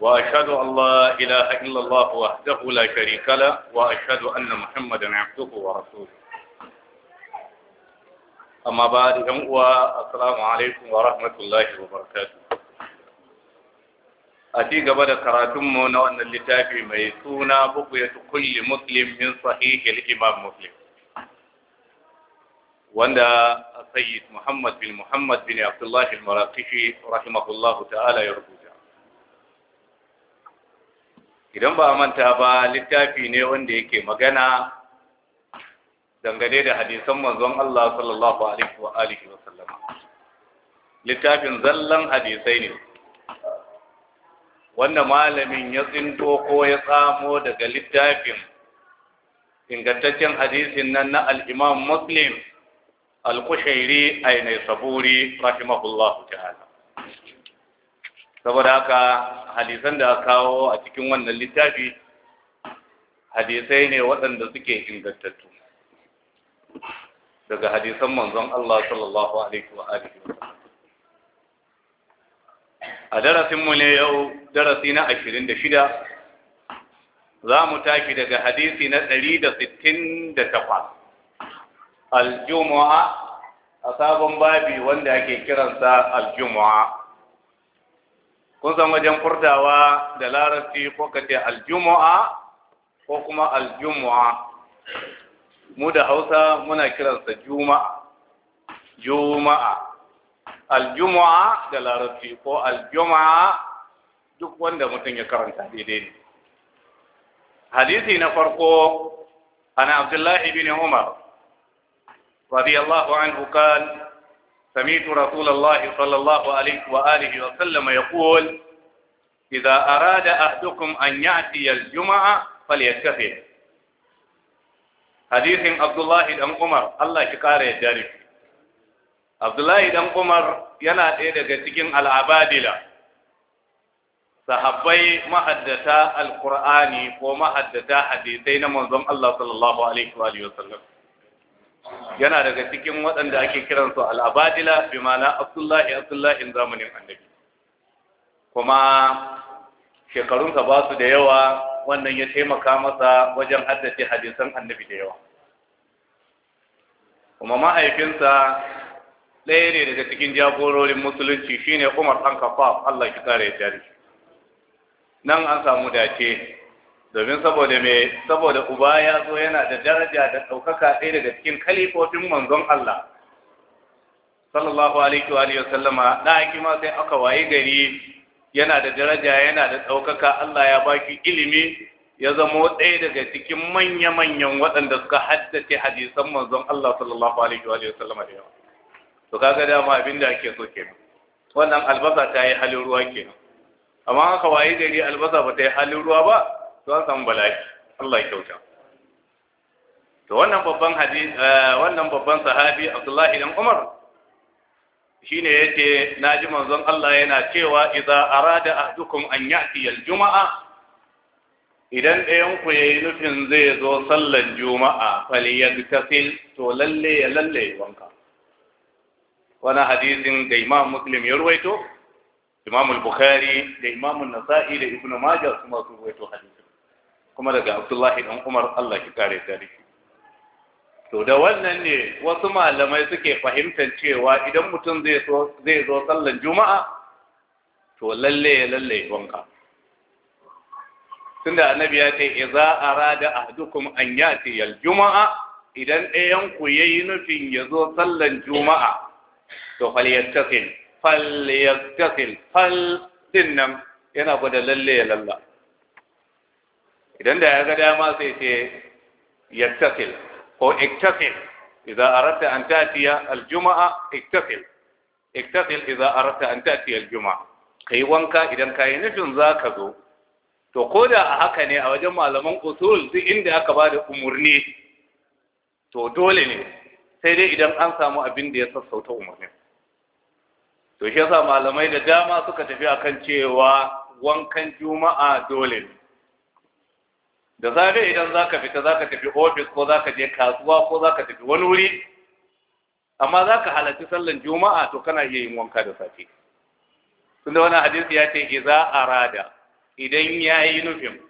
وأشهد أن لا إله إلا الله وحده لا شريك له وأشهد أن محمدا عبده ورسوله أما بعد السلام عليكم ورحمة الله وبركاته أتي قبل كراتم وأن الكتاب ميسونا بقية كل مسلم من صحيح الإمام مسلم وأن السيد محمد بن محمد بن عبد الله المراقشي رحمه الله تعالى يرضي idan ba a manta ba littafi ne wanda yake magana dangane da hadisan manzon Allah sallallahu alaihi wa alihi wa sallama littafin zallan hadisai ne wanda malamin ya tsinto ko ya tsamo daga littafin ingantaccen hadisin nan na al-Imam Muslim al-Qushairi ay Saburi rahimahullahu ta'ala saboda haka hadisan da aka kawo a cikin wannan littafi hadisai ne waɗanda suke ingantattu daga hadisan manzon Allah sallallahu alaihi wa alihi wa a darasin mu ne yau darasi na 26 za mu tafi daga hadisi na 168 aljumu'a a sabon babi wanda ake kiransa aljumu'a kun san wajen furtawa da larabci ko ka ce aljumu'a ko kuma aljumu'a mu da hausa muna kiransa juma'a juma'a aljumu'a da larabci ko aljumu'a duk wanda mutum ya karanta daidai ne hadisi na farko ana abdullahi bin umar radiyallahu anhu kan سميت رسول الله صلى الله عليه وآله وسلم يقول إذا أراد أحدكم أن يأتي الجمعة فليتفه حديث عبد الله بن عمر الله يقال جاري عبد الله بن عمر yana ɗaya على عبادلة al'abadila sahabbai mahaddata القرآن ko mahaddata hadisai na manzon Allah sallallahu alaihi wa sallam yana daga cikin waɗanda ake kiransu al'abadila bi mana abdullahi abdullahi zamanin annabi kuma shekarunsa ba su da yawa wannan ya taimaka masa wajen haddace hadisan annabi da yawa kuma mahaifinsa ɗaya ne daga cikin jagororin musulunci shine umar ɗan allah ki kare ya nan an samu dace domin saboda mai saboda uba ya zo yana da daraja da ɗaukaka ɗaya daga cikin kalifofin manzon Allah sallallahu alaihi wa sallama Na da ma sai aka waye gari yana da daraja yana da ɗaukaka Allah ya baki ilimi ya zama ɗaya daga cikin manya-manyan waɗanda suka haddace hadisan manzon Allah sallallahu alaihi wa sallama da yawa to kaga dama abin da ake so kenan wannan albasa ta yi halin ruwa kenan amma aka waye gari albasa ba ta yi halin ruwa ba to an samu bala'i Allah ya kyauta to wannan babban hadisi eh, wannan babban sahabi Abdullahi dan Umar shine yake naji manzon Allah yana cewa idza arada ahdukum an ya'ti al-jum'a idan ɗayan ku yayi nufin zai zo sallan juma'a falyagtasil to lalle ya lalle wanka wani hadisin da Imam Muslim ya ruwaito Imam al-Bukhari da Imam an-Nasa'i da Ibn Majah kuma su ruwaito hadisin kuma daga abdullahi dan umar Allah ki kare ta to da wannan ne wasu malamai suke fahimtar cewa idan mutum zai zo sallan juma'a to lalle ya lalle wanka tunda annabi ya ce idza arada ahdukum an yati al juma'a idan ɗayan ku yayi nufin ya zo sallan juma'a to falyattasil falyattasil fal dinnan yana gwada lalle ya lalla idan da ya ga dama sai ce yattaqil ko iktaqil idan aratta an ta'tiya aljuma'a. juma iktaqil iktaqil idza an ta'tiya aljuma'a kai wanka idan kai nufin zaka zo to koda a haka ne a wajen malaman usul duk inda aka bada umurni to dole ne sai dai idan an samu abin da ya sassauta umurnin to shi yasa malamai da dama suka tafi akan cewa wankan juma'a dole ne da zabe idan za ka fita za ka tafi ofis ko za ka je kasuwa ko za ka tafi wani wuri amma za ka halarci sallan juma'a to kana iya yin wanka da safe tunda wani hadisi ya ce iza arada idan ya yi nufin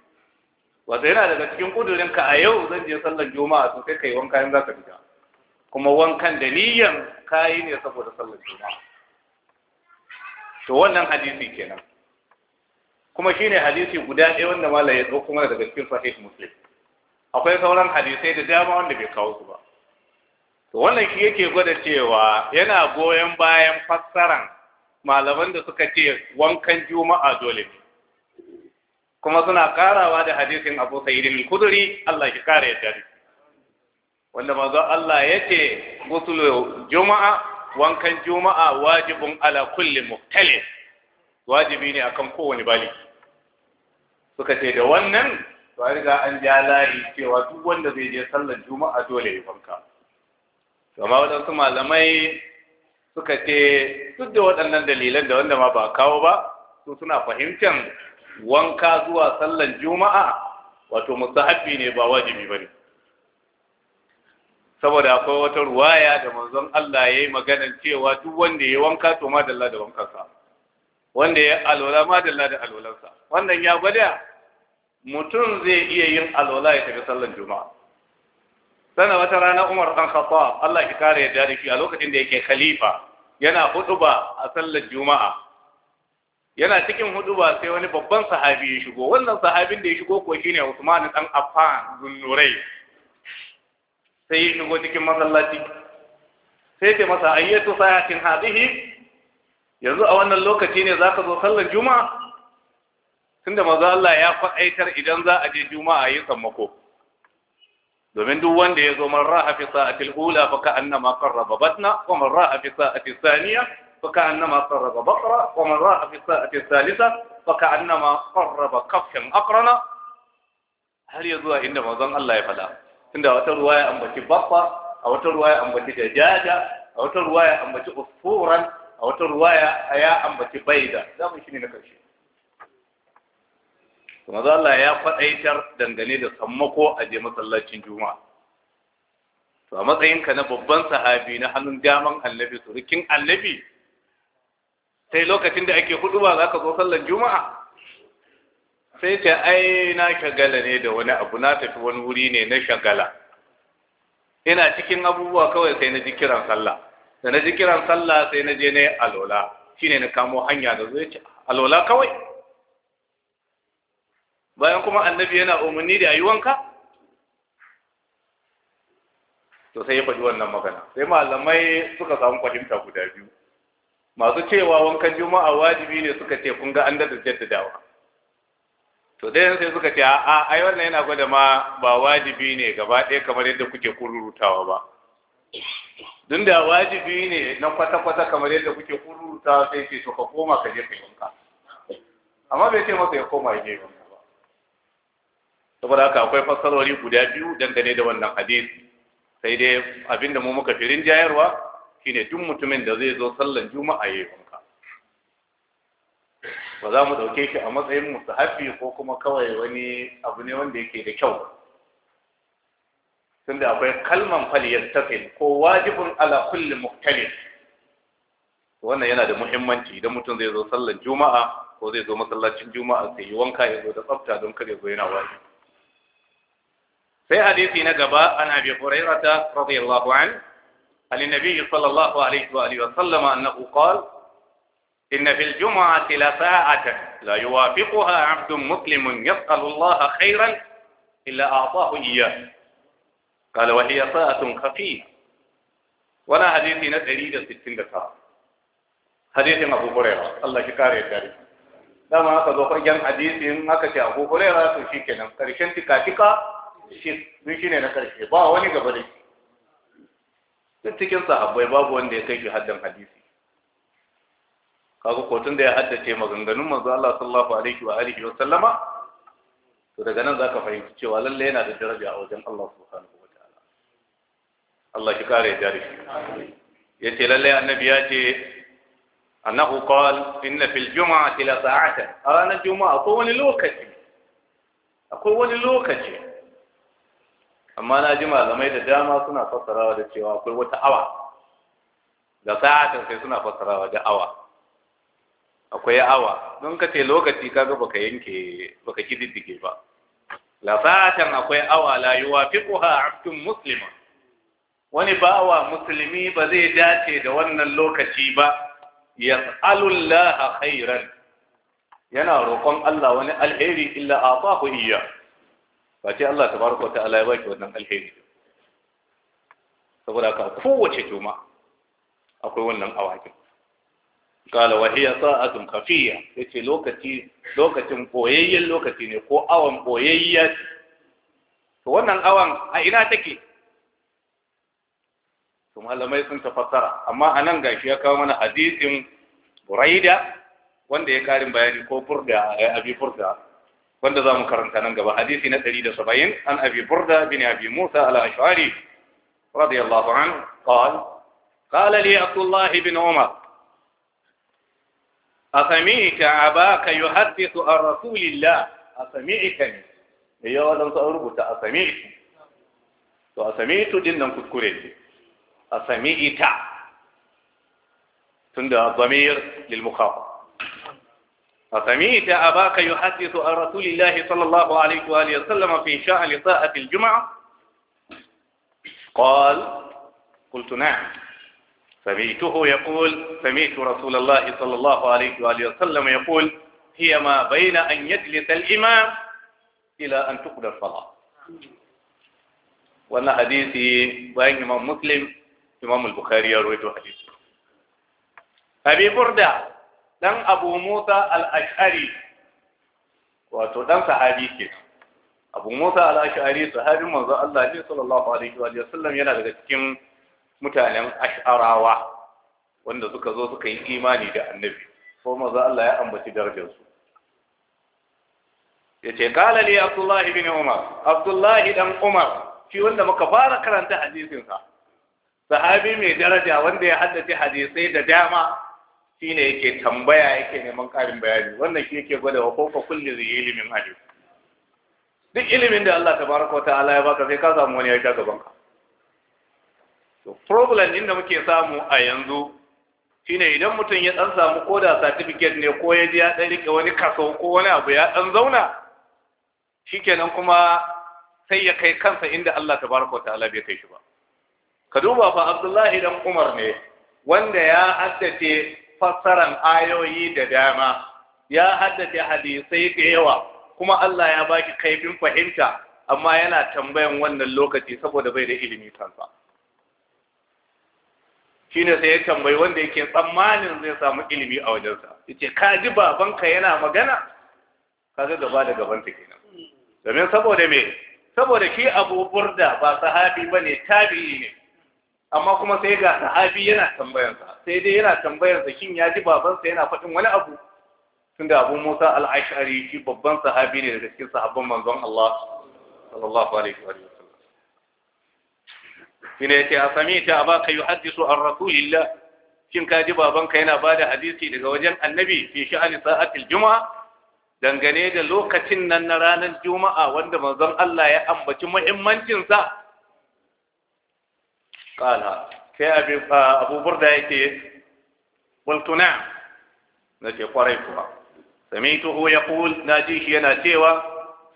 wato yana daga cikin kudurinka a yau zan je sallan juma'a to sai ka yi wanka in za ka fita kuma wankan da niyan kayi ne saboda sallan juma'a to wannan hadisi kenan kuma shine hadisi guda ɗaya wanda malam ya ɗauko mana daga cikin sahih muslim akwai sauran hadisai da dama wanda bai kawo su ba to wannan shi yake gwada cewa yana goyon bayan fassaran malaman da suka ce wankan juma'a dole ne kuma suna karawa da hadisin Abu sayyidin kuduri Allah ya kare ya dare wanda manzo Allah yace gusulu juma'a wankan juma'a wajibun ala kulli muhtalif wajibi ne akan kowane bali? suka ce da wannan to riga an ja layi cewa duk wanda zai je sallar juma'a dole ya wanka amma waɗansu malamai suka ce duk da waɗannan dalilan da wanda ma ba kawo ba su suna fahimtar wanka zuwa sallar juma'a wato mustahabbi ne ba wajibi bane saboda akwai wata ruwaya da manzon Allah yayi yi maganar cewa duk wanda ya wanka to ma dalla da wankansa wanda ya alwala madalla da alwalansa wannan ya gwada mutum zai iya yin alwala ya tafi sallan juma'a sana wata rana umar dan khattab Allah ki kare yadda da shi a lokacin da yake khalifa yana huduba a sallar juma'a yana cikin huduba sai wani babban sahabi ya shigo wannan sahabin da ya shigo ko shine Usman dan Affan zunnurai sai ya shigo cikin masallaci sai ta masa ayyatu sayatin hadhihi yanzu a wannan lokaci ne zaka zo sallar juma'a tunda manzo Allah ya faɗaitar idan za a je juma'a yi sammako domin duk wanda ya zo man ra'a fi sa'atil ula fa ka annama qarraba batna wa man ra'a fi sa'atil thaniya fa ka annama qarraba baqra wa man ra'a fi sa'atil thalitha fa ka annama qarraba kaffan aqrana har ya zuwa inda manzon Allah ya fada tunda wata ruwaya ambaci baffa a wata ruwaya ambaci dajaja a wata ruwaya ambaci usfuran a wata ruwaya ya ambaci bai da, baida shi ne na ƙarshe. kuma za Allah ya faɗaitar dangane da sammako a je masallacin juma'a to a matsayinka na babban sahabi na hannun daman annabi surukin annabi sai lokacin da ake hudu ba za ka zo sallar juma'a sai ta ai na shagala ne da wani abu na tafi wani wuri ne na shagala ina cikin abubuwa kawai sai na ji kiran sallah da na ji kiran sallah sai na je na yi alola shine na kamo hanya da zai alola kawai bayan kuma annabi yana umarni da yi wanka to sai ya faɗi wannan magana sai malamai suka samu fahimta guda biyu masu cewa wankan juma'a wajibi ne suka ce kun ga an da jaddadawa to dai sai suka ce a ai wannan yana gwada ma ba wajibi ne gaba ɗaya kamar yadda kuke kururutawa ba dunda wajibi ne na kwata-kwata kamar yadda kuke kururuta sai ce to ka koma ka je ka amma bai ce masa ya koma ya je ba saboda haka akwai fassarori guda biyu dangane da wannan hadisi sai dai abinda mu muka firin jayarwa shine duk mutumin da zai zo sallan juma'a ya yi wanka ba za mu ɗauke shi a matsayin musahabi ko kuma kawai wani abu ne wanda yake da kyau tunda akwai kalman falyattafil ko wajibun ala kulli muhtalif wannan yana da muhimmanci idan mutum zai zo sallar juma'a ko zai zo masallacin juma'a sai yi wanka ya zo da tsafta don kare zo yana wani sai hadisi na gaba ana bi abi ta radiyallahu an عن sallallahu alaihi wa alihi wa sallama annahu قال إن في الجمعة لساعة لا يوافقها عبد مسلم يسأل الله خيرا إلا أعطاه إياه قال وهي ساعة خفيف ولا حديث نتري دليل ستين دكا حديث أبو هريرة الله شكار يتاري داما أكا دوخ إجان حديث ما كتي أبو هريرة تشيكنا كرشن تكا تكا شيكنا نكرشي با وني قبلي duk صاحب sahabbai babu wanda ya kai shi kaga kotun da ya haddace maganganun manzo Allah sallallahu alaihi wa alihi wa sallama to daga nan zaka fahimci cewa lalle yana da daraja a wajen Allah subhanahu Allah ki kare ya shi yace lalle annabi ya ce annahu qal inna fil jum'ati la sa'atan a ranar juma'a akwai wani lokaci akwai wani lokaci amma na ji malamai da dama suna fassarawa da cewa akwai wata awa da sa'atan sai suna fassarawa da awa akwai awa don ka ce lokaci kaga baka yanke baka kididdige ba la sa'atan akwai awa la yuwafiquha abdun musliman wani bawa musulmi ba zai dace da wannan lokaci ba ya yas'alullaha khairan yana roƙon Allah wani alheri illa a iya. Ba ce Allah ta tabaraka ko ta'ala ya baki wannan alheri saboda ka kowace juma akwai wannan awakin Kala wahiya hiya sa'atun khafiyya yace lokaci lokacin boyayyen lokaci ne ko awan boyayya to wannan awan a ina take su malamai sun tafasara amma a nan gashi ya kawo mana hadisin buraida wanda ya karin bayani ko furda eh, abi furda wanda za mu karanta nan gaba hadisi na 170 an abi furda bin abi musa al-ash'ari radiyallahu anhu qala qala li abdullah bin umar أسمعت أباك يحدث عن رسول الله أسمعتني هي ولم تأربط أسمعت وأسمعت جدا كتكريتي سمعت تند الضمير للمخاطب فسمعت أباك يحدث عن رسول الله صلى الله عليه وآله وسلم في شأن ساعة الجمعة قال قلت نعم سمعته يقول سمعت رسول الله صلى الله عليه وآله وسلم يقول هي ما بين أن يجلس الإمام إلى أن تقضى الصلاة وأن حديثي وإمام مسلم imam al-bukhari ya rawaito hadisi abi burda dan abu musa al-ash'ari wato dan sahabi ke abu musa al-ash'ari sahabin manzo Allah ne sallallahu alaihi wa sallam yana daga cikin mutanen ash'arawa wanda suka zo suka yi imani da annabi ko manzo Allah ya ambaci darajarsu ya ce kala ne abdullahi bin umar abdullahi dan umar shi wanda muka fara karanta hadisinsa sahabi mai daraja wanda ya haddace hadisai da dama shine yake tambaya yake neman karin bayani wannan shi yake gwada wa kofa kulli zai ilimin hadis duk ilimin da Allah tabaraka wa ta'ala ya baka sai ka samu wani ya sha gaban ka to problem din da muke samu a yanzu shine idan mutum ya dan samu ko da certificate ne ko ya ji ya dan rike wani kaso ko wani abu ya dan zauna shikenan kuma sai ya kai kansa inda Allah tabaraka wa ta'ala bai kai shi ba ka duba fa abdullahi dan umar ne wanda ya haddace fassaran ayoyi da dama ya haddace hadisai da yawa kuma Allah ya baki kaifin fahimta amma yana tambayan wannan lokaci saboda bai da ilimi kansa ne sai ya tambayi wanda yake tsammanin zai samu ilimi a wajensa yace ka ji babanka yana magana kaga gaba da gaban ta kenan domin saboda me saboda shi Abu Burda ba sahabi bane tabi'i ne amma kuma sai ga sahabi yana tambayarsa sai dai yana tambayarsa shin ya ji babansa yana faɗin wani abu tunda abu musa al shi babban sahabi ne daga cikin sahabban manzon Allah sallallahu alaihi wa sallam shine yace a samita abaka yuhaddisu an rasulillah shin ka ji babanka yana bada hadisi daga wajen annabi fi sha'ani sa'atil juma'a dangane da lokacin nan na ranar juma'a wanda manzon Allah ya ambaci muhimmancin sa قالها في أبي أبو بردة قلت نعم نجي قريتها سمعته يقول ناجيش يا ناتيوة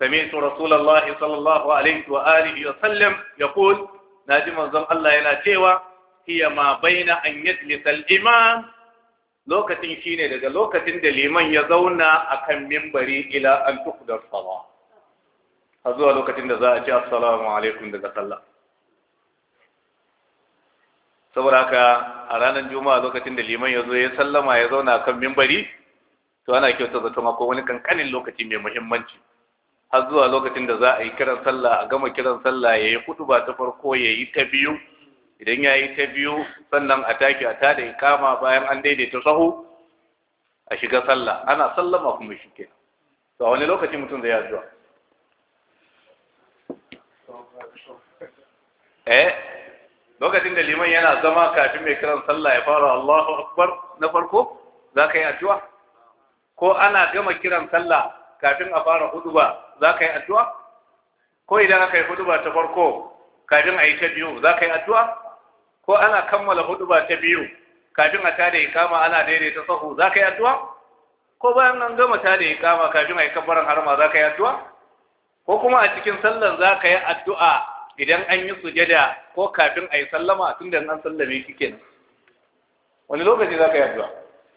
سمعت رسول الله صلى الله عليه وآله وسلم يقول ناجي منظم الله يا ناتيوة هي ما بين أن يجلس الإمام لوكة شينة لذا لوكة لمن يزونا أكم من بري إلى أن تقدر صلاة هذا لوكة لذا أجاء السلام عليكم لذا الله saboda haka a ranar juma'a lokacin da liman ya zo ya sallama ya zauna kan mimbari to ana kyauta zato ma ko wani kankanin lokaci mai muhimmanci har zuwa lokacin da za a yi kiran sallah a gama kiran sallah ya yi hudu ba ta farko ya yi ta biyu idan ya yi ta biyu sannan a take a tada ikama bayan an daidaita sahu a shiga sallah ana sallama kuma shi ke to a wani lokaci mutum zai yi eh lokacin da liman yana zama kafin mai kiran sallah ya fara Allahu akbar na farko za ka yi addu'a ko ana gama kiran sallah kafin a fara huduba za ka yi addu'a ko idan aka yi huduba ta farko kafin a yi ta biyu za ka yi addu'a ko ana kammala huduba ta biyu kafin a tada ikama ana daidaita sahu za ka yi addu'a ko bayan nan gama tada ikama kafin a yi kabbaran harma za ka yi addu'a ko kuma a cikin sallan za ka yi addu'a idan an yi sujada ko kafin a yi sallama tun da an sallame shi kenan wani lokaci za ka yi addu'a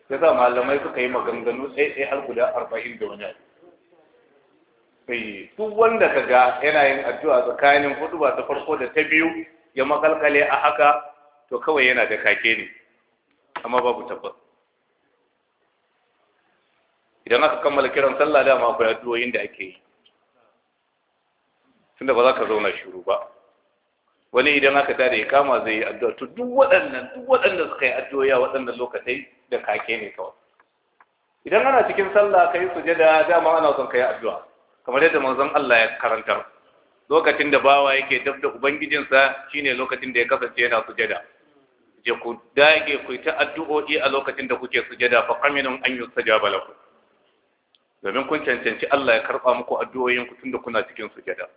ya sa malamai suka yi maganganu sai sai har guda arba'in da wani abu sai duk wanda ka ga yana yin addu'a tsakanin hudu ba ta farko da ta biyu ya makalkale a haka to kawai yana da kake ne amma babu tabbas idan aka kammala kiran sallah dama akwai addu'o'in da ake yi tunda ba za ka zauna shiru ba wani idan aka da ya kama zai yi addu'a to duk waɗannan duk waɗanda suka yi addu'a waɗannan lokacin da kake ne kawai idan ana cikin sallah ka yi sujada dama ana son ka yi addu'a kamar yadda manzon Allah ya karantar lokacin da bawa yake dabda ubangijinsa shine lokacin da ya kasance yana sujada je ku dage ku ta addu'o'i a lokacin da kuke sujada fa qaminun an yusajaba lakum domin kun cancanci Allah ya karba muku addu'o'in ku tunda kuna cikin sujada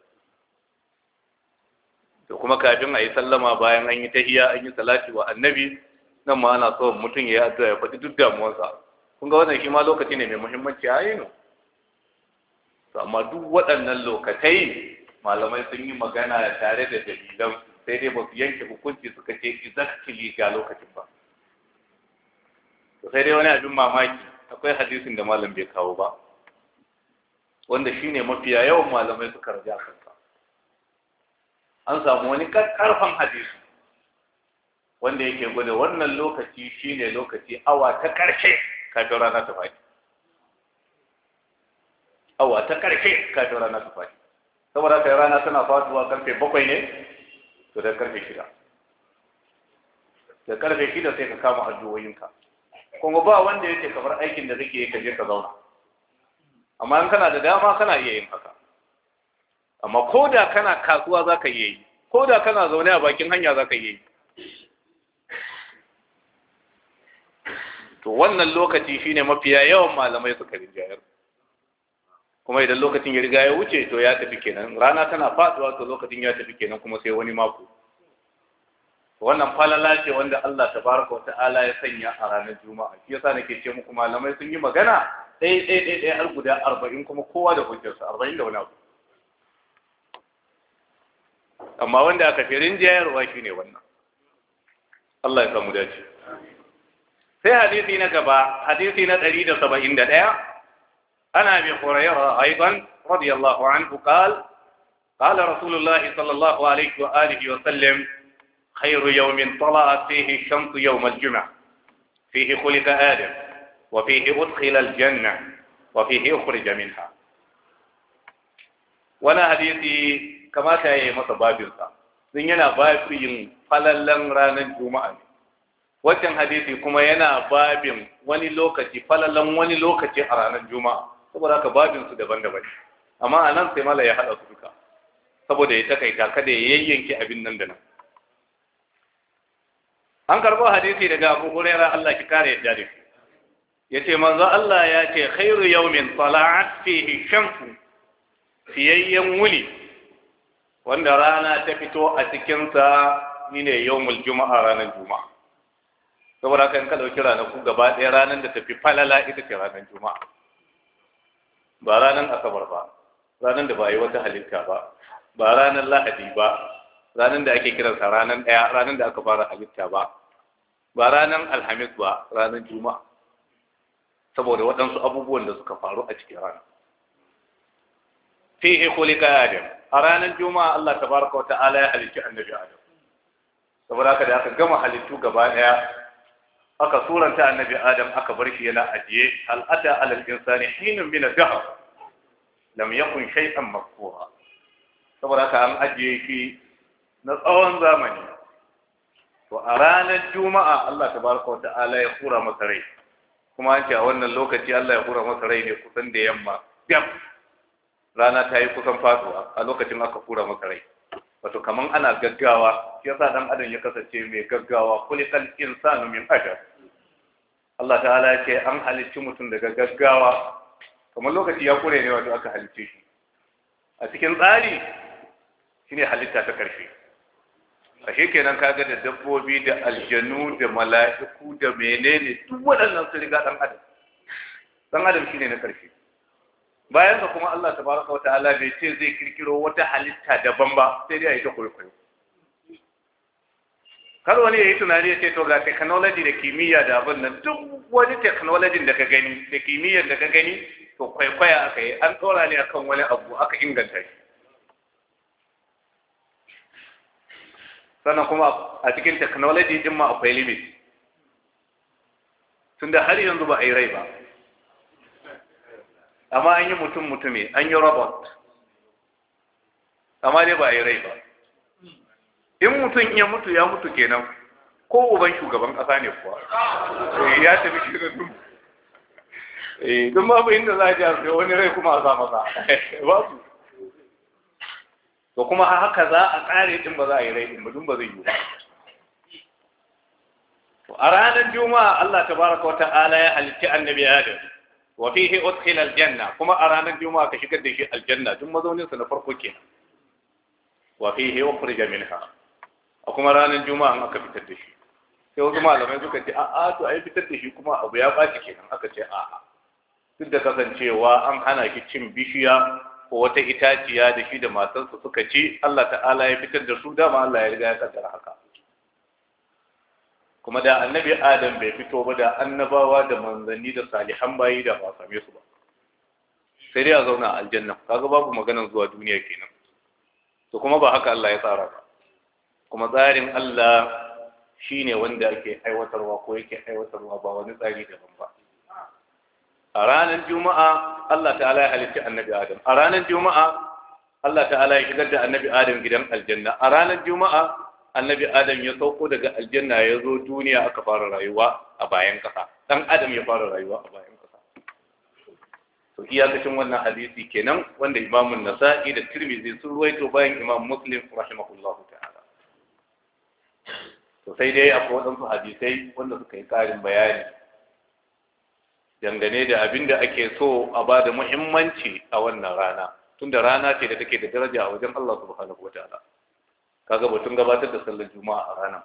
da kuma kafin a yi sallama bayan an yi tahiya an yi salati wa annabi nan ma ana so mutum ya yi addu'a ya faɗi duk damuwarsa kun ga wannan shi ma lokaci ne mai muhimmanci a yi to amma duk waɗannan lokatai malamai sun yi magana tare da dalilan sai dai ba su yanke hukunci suka ce exactly ga lokacin ba to sai dai wani abin mamaki akwai hadisin da malam bai kawo ba wanda shine mafiya yawan malamai suka raja kan an samu wani karfan hadisi wanda yake gwada wannan lokaci shine lokaci awa ta ƙarshe kafin rana ta faɗi awa ta ƙarshe kafin rana ta faɗi saboda kai rana tana faduwa karfe bakwai ne to da karfe shida da karfe shida sai ka kama addu'o'inka kuma ba wanda yake kamar aikin da kake yi ka je ka zauna amma in kana da dama kana iya yin haka amma ko da kana kasuwa za ka yi ko da kana zaune a bakin hanya za ka yi to wannan lokaci shine mafiya yawan malamai suka rinjayar kuma idan lokacin ya riga ya wuce to ya tafi kenan rana tana faduwa to lokacin ya tafi kenan kuma sai wani mako wannan falala ce wanda Allah baraka wa ta'ala ya sanya a ranar juma'a shi yasa nake ce muku malamai sun yi magana ɗaya ɗaya ɗaya har guda arba'in kuma kowa da hujjarsa arba'in da wani abu amma wanda aka fi rinjayarwa shine wannan Allah ya samu dace sai hadisi na gaba hadisi na 171 أنا أبي هريرة أيضا رضي الله عنه قال قال رسول الله صلى الله عليه وآله وسلم خير يوم طلعت فيه الشمس يوم الجمعة فيه خلق آدم وفيه أدخل الجنة وفيه أخرج منها وانا حديثي kamata ya yi masa babinsa sun yana babin falallan ranar juma'a ne wancan hadisi kuma yana babin wani lokaci falallan wani lokaci a ranar juma'a saboda haka babinsu daban-daban amma a nan sai mala ya haɗa su duka saboda ya takaita kada ya yayyanki abin nan da nan an karɓo hadisi daga abu hurera Allah ki kare yadda da ya ce manzo Allah ya ce khairu yawmin tala'at fihi shamsu fiyayyen wuni wanda rana ta fito a cikinsa ni ne yawmul juma'a ranar juma'a saboda kan in ka ɗauki ranaku gaba ɗaya ranar da tafi falala ita ce ranar juma'a ba ranar asabar ba ranar da ba a yi wata halitta ba ba ranar lahadi ba ranar da ake kiransa ranar ɗaya ranar da aka fara halitta ba ba ranar alhamis ba ranar juma'a saboda waɗansu abubuwan da suka faru a cikin rana fihi khuliqa adam a ranar juma'a Allah tabaraka wa ta'ala ya halicci annabi adam saboda haka da aka gama halittu gaba daya aka suranta annabi adam aka bar shi yana ajiye hal ata alal insani hinun min ad lam yakun shay'an mafkura saboda haka an ajiye shi na tsawon zamani to a ranar juma'a Allah tabaraka wa ta'ala ya hura masa rai kuma an ce a wannan lokaci Allah ya hura masa rai ne kusan da yamma yamma rana ta yi kusan faduwa a lokacin aka kura maka rai wato kaman ana gaggawa shi yasa dan adam ya kasance mai gaggawa kal insanu min ajal Allah ta'ala ce an halicci mutum daga gaggawa kamar lokaci ya kure ne wato aka halicce shi a cikin tsari shine halitta ta karshe ashe kenan kaga da dabbobi da aljanu da mala'iku da menene duk waɗannan su riga dan adam dan adam shine na karshe bayan ga kuma Allah tabaraka wata'ala bai ce zai kirkiro wata halitta daban ba sai dai a yi ta kwaikwayo kar wani ya yi tunani ya ce to ga technology da kimiyya da abin nan duk wani technology da ka gani da kimiyyar da ka gani to kwaikwaya aka yi an tsora ne akan wani abu aka inganta shi sannan kuma a cikin technology din akwai limit tunda har yanzu ba a yi rai ba amma an yi mutum mutumi an yi robot amma dai ba a yi rai ba in mutum ya mutu ya mutu kenan ko uban shugaban ƙasa ne kuwa eh, ya tafi shirin eh, don babu inda za a ji a wani rai kuma a sa masa su Ba kuma haka za a tsare din ba za a yi rai din ba dun ba zai yi ba a ranar juma'a Allah tabaraka wa ta'ala ya halitta annabi Adam wa fihi udkhila aljanna kuma a ranar juma'a ka shigar da shi aljanna tun mazaunin na farko kenan wa fihi ukhrija minha a kuma ranar juma'a aka fitar da shi sai wasu malamai suka ce a'a to ai fitar da shi kuma abu ya baci kenan aka ce a'a duk da kasancewa an hana ki cin bishiya ko wata itaciya da shi da matarsa suka ci Allah ta'ala ya fitar da su dama Allah ya riga ya haka kuma da annabi adam bai fito ba da annabawa da manzanni da salihan bayi da ba same su ba sai dai a zauna a aljanna kaga babu maganar zuwa duniya kenan to kuma ba haka Allah ya tsara ba kuma tsarin Allah shine wanda ake aiwatarwa ko yake aiwatarwa ba wani tsari daban ba a ranar juma'a Allah ta'ala ya halitta annabi adam a ranar juma'a Allah ta'ala ya shigar da annabi adam gidan aljanna a ranar juma'a annabi adam ya sauko daga aljanna ya zo duniya aka fara rayuwa a bayan kasa dan adam ya fara rayuwa a bayan kasa to iyakacin wannan hadisi kenan wanda imamu nasa'i da tirmidhi sun ruwaito bayan imam muslim rahimahullahu ta'ala to sai dai akwai wadansu hadisai wanda suka yi karin bayani dangane da abin da ake so a bada da muhimmanci a wannan rana tunda rana ce da take da daraja a wajen Allah subhanahu wataala kaga batun gabatar da sallar juma'a a ranar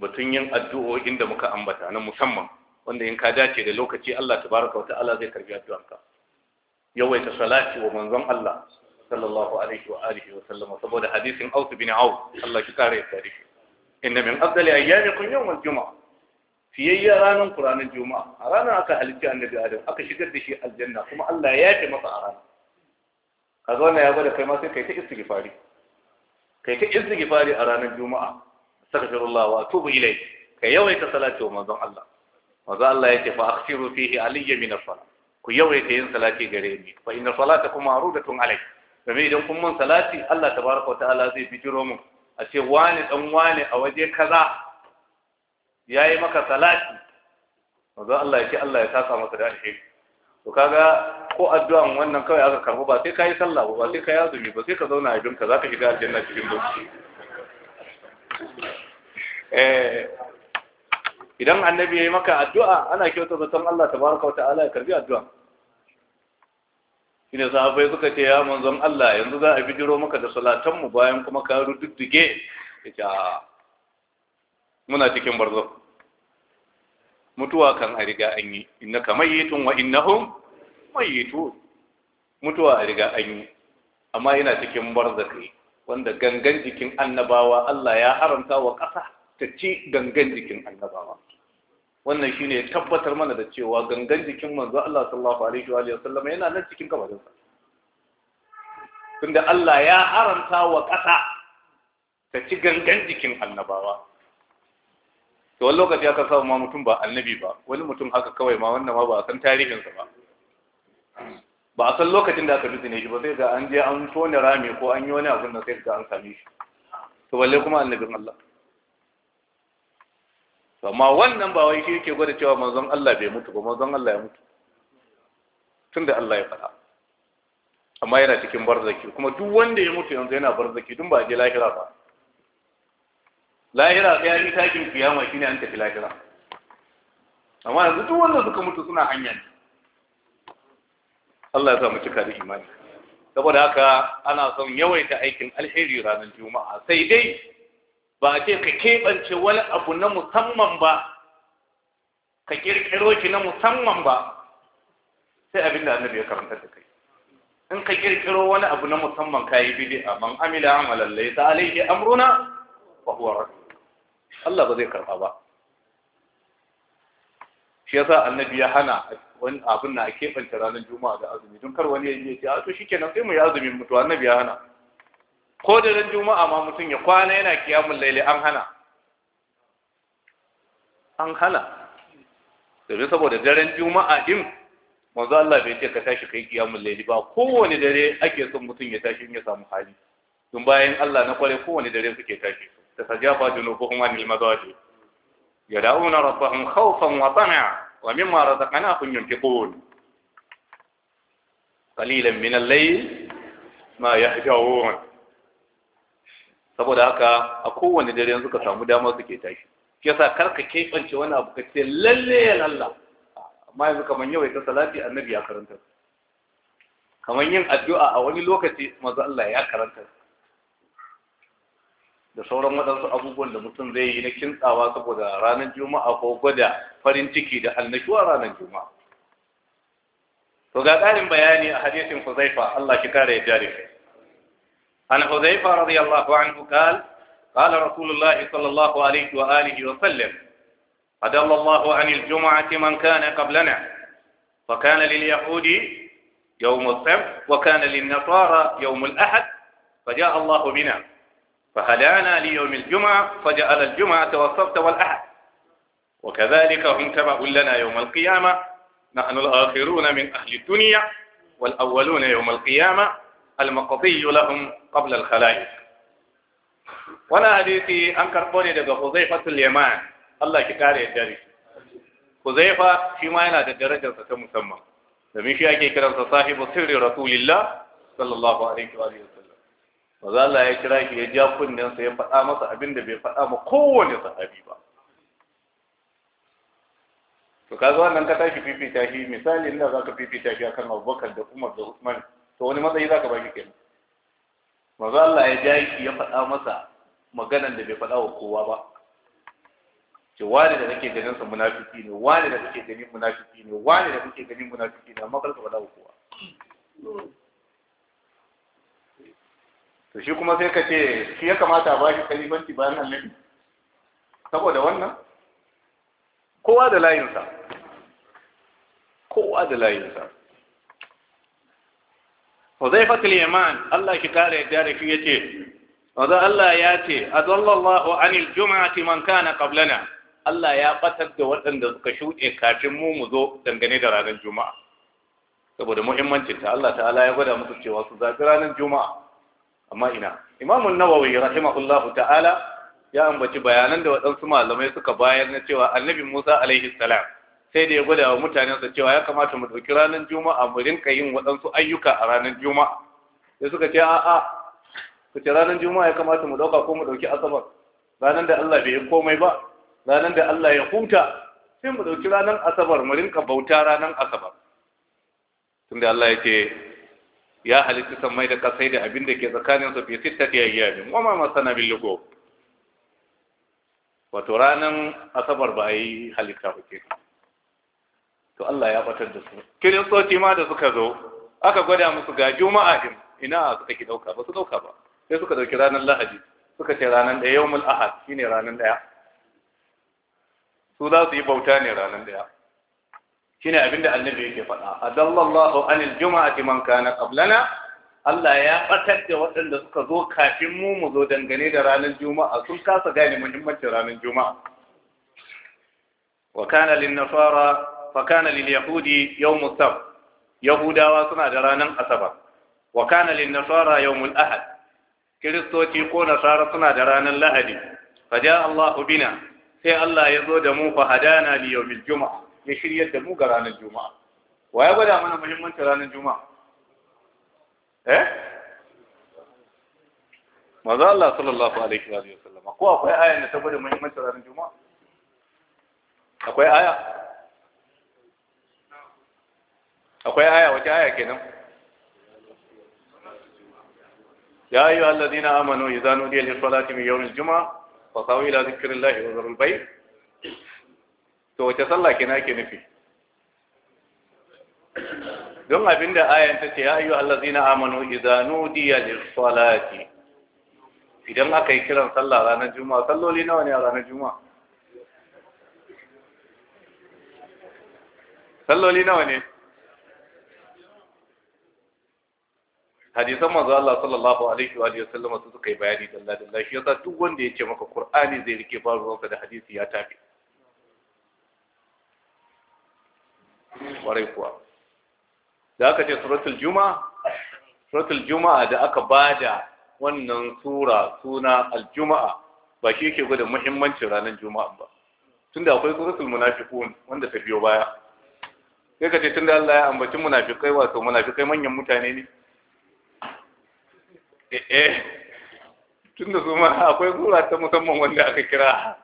batun yin addu'o'in da muka ambata na musamman wanda in ka dace da lokaci Allah tabaraka wata'ala zai karbi addu'arka yawaita salati wa manzon Allah sallallahu alaihi wa alihi wa sallama saboda hadisin Aus bin Auf Allah shi kare ya shi inna min afdali ayyamikum yawm al-jum'a fiyayya ranar Qur'anin Juma'a a ranar aka halitta annabi Adam aka shigar da shi aljanna kuma Allah ya yafe masa a ranar kaga wannan ya gwada kai ma sai kai ta istighfari kai ta istighfari a ranar juma'a astaghfirullah wa atubu ilayhi kai yawaita salati wa manzon Allah manzo Allah yake fa akhfiru fihi aliyya min as-salat ku yawaita yin salati gare ni fa inna salatakum ma'rudatun alayhi domin idan kun mun salati Allah tabaraka wa ta'ala zai bijiro mu a ce wani dan wani a waje kaza yayi maka salati manzo Allah yake Allah ya saka masa da alheri to kaga ko addu'an wannan kawai aka karba ba sai ka yi sallah ba sai ka azumi ba sai ka zauna a ka za shiga aljanna cikin eh idan annabi ya yi maka addu'a ana kyauta san Allah tabaraka wa ta'ala ya karbi addu'a shine sahabbai suka ce ya manzon Allah yanzu za a bijiro maka da salatan mu bayan kuma ka rududdige yace muna cikin barzo mutuwa kan a riga an yi innaka mayyitun wa innahum mayyitun mutuwa a riga an yi amma yana cikin barzakai wanda gangan jikin annabawa Allah ya haramta wa ƙasa ta ci gangan jikin annabawa wannan shine tabbatar mana da cewa gangan jikin manzo Allah sallallahu alaihi wa sallam yana nan cikin sa tunda Allah ya haramta wa ƙasa ta ci gangan jikin annabawa to wani lokaci aka samu ma mutum ba annabi ba wani mutum haka kawai ma wannan ma ba san tarihinsa ba ba a san lokacin da aka dutse ne shi ba sai ga an je an tone rami ko an yi wani abin da sai ga an same shi to balle kuma annabin Allah amma wannan ba wai shi yake gwada cewa manzon Allah bai mutu ba manzon Allah ya mutu tunda Allah ya faɗa amma yana cikin barzaki kuma duk wanda ya mutu yanzu yana barzaki dun ba a je lahira ba lahira ya yi takin kiyama shine an tafi lahira amma yanzu duk wanda suka mutu suna hanya ne Allah ya sa mu cika da imani saboda haka ana son yawaita aikin alheri ranar juma'a sai dai ba a ce ka keɓance wani abu na musamman ba ka ƙirƙiro shi na musamman ba sai abin da annabi ya karanta da kai in ka ƙirƙiro wani abu na musamman ka yi bid'a man amila amalan laysa alayhi amruna fa huwa Allah ba zai karɓa ba shi yasa annabi ya hana wani abin na keɓanta ranar juma'a da azumi don kar wani ya ce a to shi na sai mu yi azumin mutu annabi ya hana ko da ran juma'a ma mutum ya kwana yana kiyamun laili an hana an hana domin saboda daren juma'a din manzo Allah bai ce ka tashi kai kiyamun laili ba kowane dare ake son mutum ya tashi in ya samu hali tun bayan Allah na kware kowane dare suke tashi ta sajaba junubuhum anil madaji yad'una rabbahum khawfan wa tama'a wa mimma razaqnahum yunfiqun qalilan min al-layl ma yahjawun saboda haka a kowanne dare suka samu dama suke tashi shi yasa karka keɓance wani abu ka ce lalle ya lalla amma yanzu kamar yau ita salati annabi ya karanta kamar yin addu'a a wani lokaci manzo Allah ya karanta da sauran waɗansu abubuwan da mutum zai yi na kintsawa saboda ranar juma'a ko gwada farin ciki da annashuwa ranar juma'a to ga ƙarin bayani a hadisin huzaifa Allah ki kare ya jare shi an huzaifa radiyallahu anhu qal قال رسول الله صلى الله عليه وآله وسلم أدل الله عن الجمعة من كان قبلنا فكان لليهود يوم السبت وكان للنصارى يوم الأحد فجاء الله بنا فهدانا ليوم الجمعة فجعل الجمعة والسبت والأحد وكذلك هم تبع لنا يوم القيامة نحن الآخرون من أهل الدنيا والأولون يوم القيامة المقضي لهم قبل الخلائق وانا حديثي أنكر قولي لك خزيفة اليمان الله كتاري الجري خزيفة في ينا درجة تسمى domin shi كرمت صاحب sahibu رسول الله صلى الله عليه وسلم maza Allah ya kira shi ya ja kunninsa ya faɗa masa abin da bai faɗa ma kowane sahabi ba to kaga wannan ka tashi fifita shi misali inda ka fifita shi akan Abubakar da Umar da Usman to wani matsayi za ba ki kenan maza Allah ya ja shi ya faɗa masa maganan da bai faɗa wa kowa ba ce wani da nake ganin sa munafiki ne wani da kake ganin munafiki ne wani da kake ganin munafiki ne amma kar ka faɗa wa kowa to shi kuma sai ka ce shi ya kamata ba shi kalifanci bayan annabi saboda wannan kowa da layinsa kowa da layinsa fatil Yaman Allah shi kare yadda da shi yace wanda Allah ya ce adallallahu anil jum'ati man kana qablana Allah ya batar da waɗanda suka shuɗe kafin mu mu zo dangane da ranar juma'a saboda muhimmancinta Allah ta'ala ya gwada musu cewa su zaɓi ranar juma'a amma ina imamun nawawi rahimahullahu ta'ala ya ambaci bayanan da waɗansu malamai suka bayar na cewa annabi musa alaihi salam sai da ya gwada wa mutanensa cewa ya kamata mu ɗauki ranar juma'a mu rinka yin waɗansu ayyuka a ranar juma'a Ya suka ce a'a ku ce ranar juma'a ya kamata mu ɗauka ko mu ɗauki asabar ranar da allah bai yi komai ba ranar da allah ya huta sai mu ɗauki ranar asabar mu rinka bauta ranar asabar tunda allah ya ce ya halitta sammai da kasai da abin da ke tsakanin su fi sittati ayyamin wa ma masana bil lugo wato ranan asabar ba yi halitta ba to Allah ya batar da su kiristoci ma da suka zo aka gwada musu ga juma'a din ina suka ki dauka ba su dauka ba sai suka dauki ranar lahadi suka ce ranar ɗaya yawmul ahad shine ranar ɗaya su za su yi bauta ne ranar ɗaya shine abinda annabi yake faɗa adallallahu anil juma'ati man kana qablana Allah ya ɓatar da waɗanda suka zo kafin mu mu zo dangane da ranar juma'a sun kasa gane muhimmancin ranar juma'a wa kana lin nasara fa kana lil yahudi yawm sab yahudawa suna da ranar asabar wa kana lin nasara ahad kiristoci ko nasara suna da ranar lahadi fa ja Allah bina sai Allah ya zo da mu fa hadana li yawmil juma'a ya shiryar da mu ga ranar juma'a wa ya gwada mana muhimmancin ranar juma'a eh maza Allah sallallahu alaihi wa sallam ko akwai aya da ta gwada muhimmancin ranar juma'a akwai aya akwai aya wace aya kenan يا أيها الذين آمنوا إذا نودي للصلاة من يوم الجمعة فصعوا إلى ذكر الله وذروا البيع to wace sallah kenan ake nufi don abin da ayan ta ce ya ayyu allazina amanu idza nudiya lis-salati idan aka yi kiran sallah ranar juma'a salloli nawa ne a ranar juma'a salloli nawa ne hadisan manzo Allah sallallahu alaihi wa alihi wasallam su suka yi bayani dalla dalla shi yasa duk wanda ya ce maka Qur'ani zai rike faruwarsa da hadisi ya tafi kwarai kuwa da aka ce suratul juma suratul juma da aka bada wannan sura suna aljuma'a ba shi yake gwada muhimmancin ranar juma'a ba tunda akwai suratul munafiqun wanda ta biyo baya sai ka ce tunda Allah ya ambaci munafikai wato munafikai manyan mutane ne eh eh tunda su ma akwai sura ta musamman wanda aka kira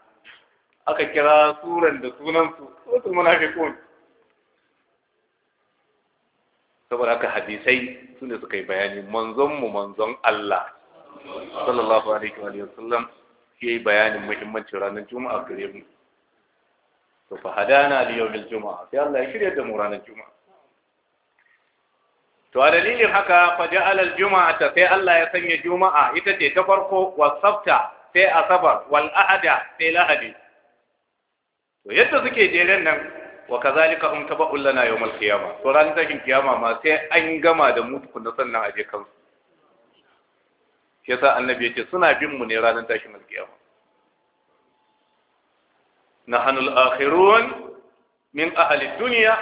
aka kira suran da sunan su suratul munafiqun saboda haka hadisai su ne suka yi bayani manzonmu manzon Allah sallallahu alaihi wa sallam ya yi bayanin muhimmancin ranar juma'a gare mu to fa hadana li yawmil juma'a sai Allah ya shirya da mu ranar juma'a to a dalilin haka fa ja'ala al-juma'ata sai Allah ya sanya juma'a ita ce ta farko wa sabta sai asabar wal ahada sai lahadi to yadda suke jeren nan wa kazalika hum taba'un lana yawmal qiyamah to ran tashin kiyama ma sai an gama da mu tukunna sannan aje kan shi yasa annabi yace suna bin mu ne ranar tashin alkiyama nahnu al-akhirun min ahli dunya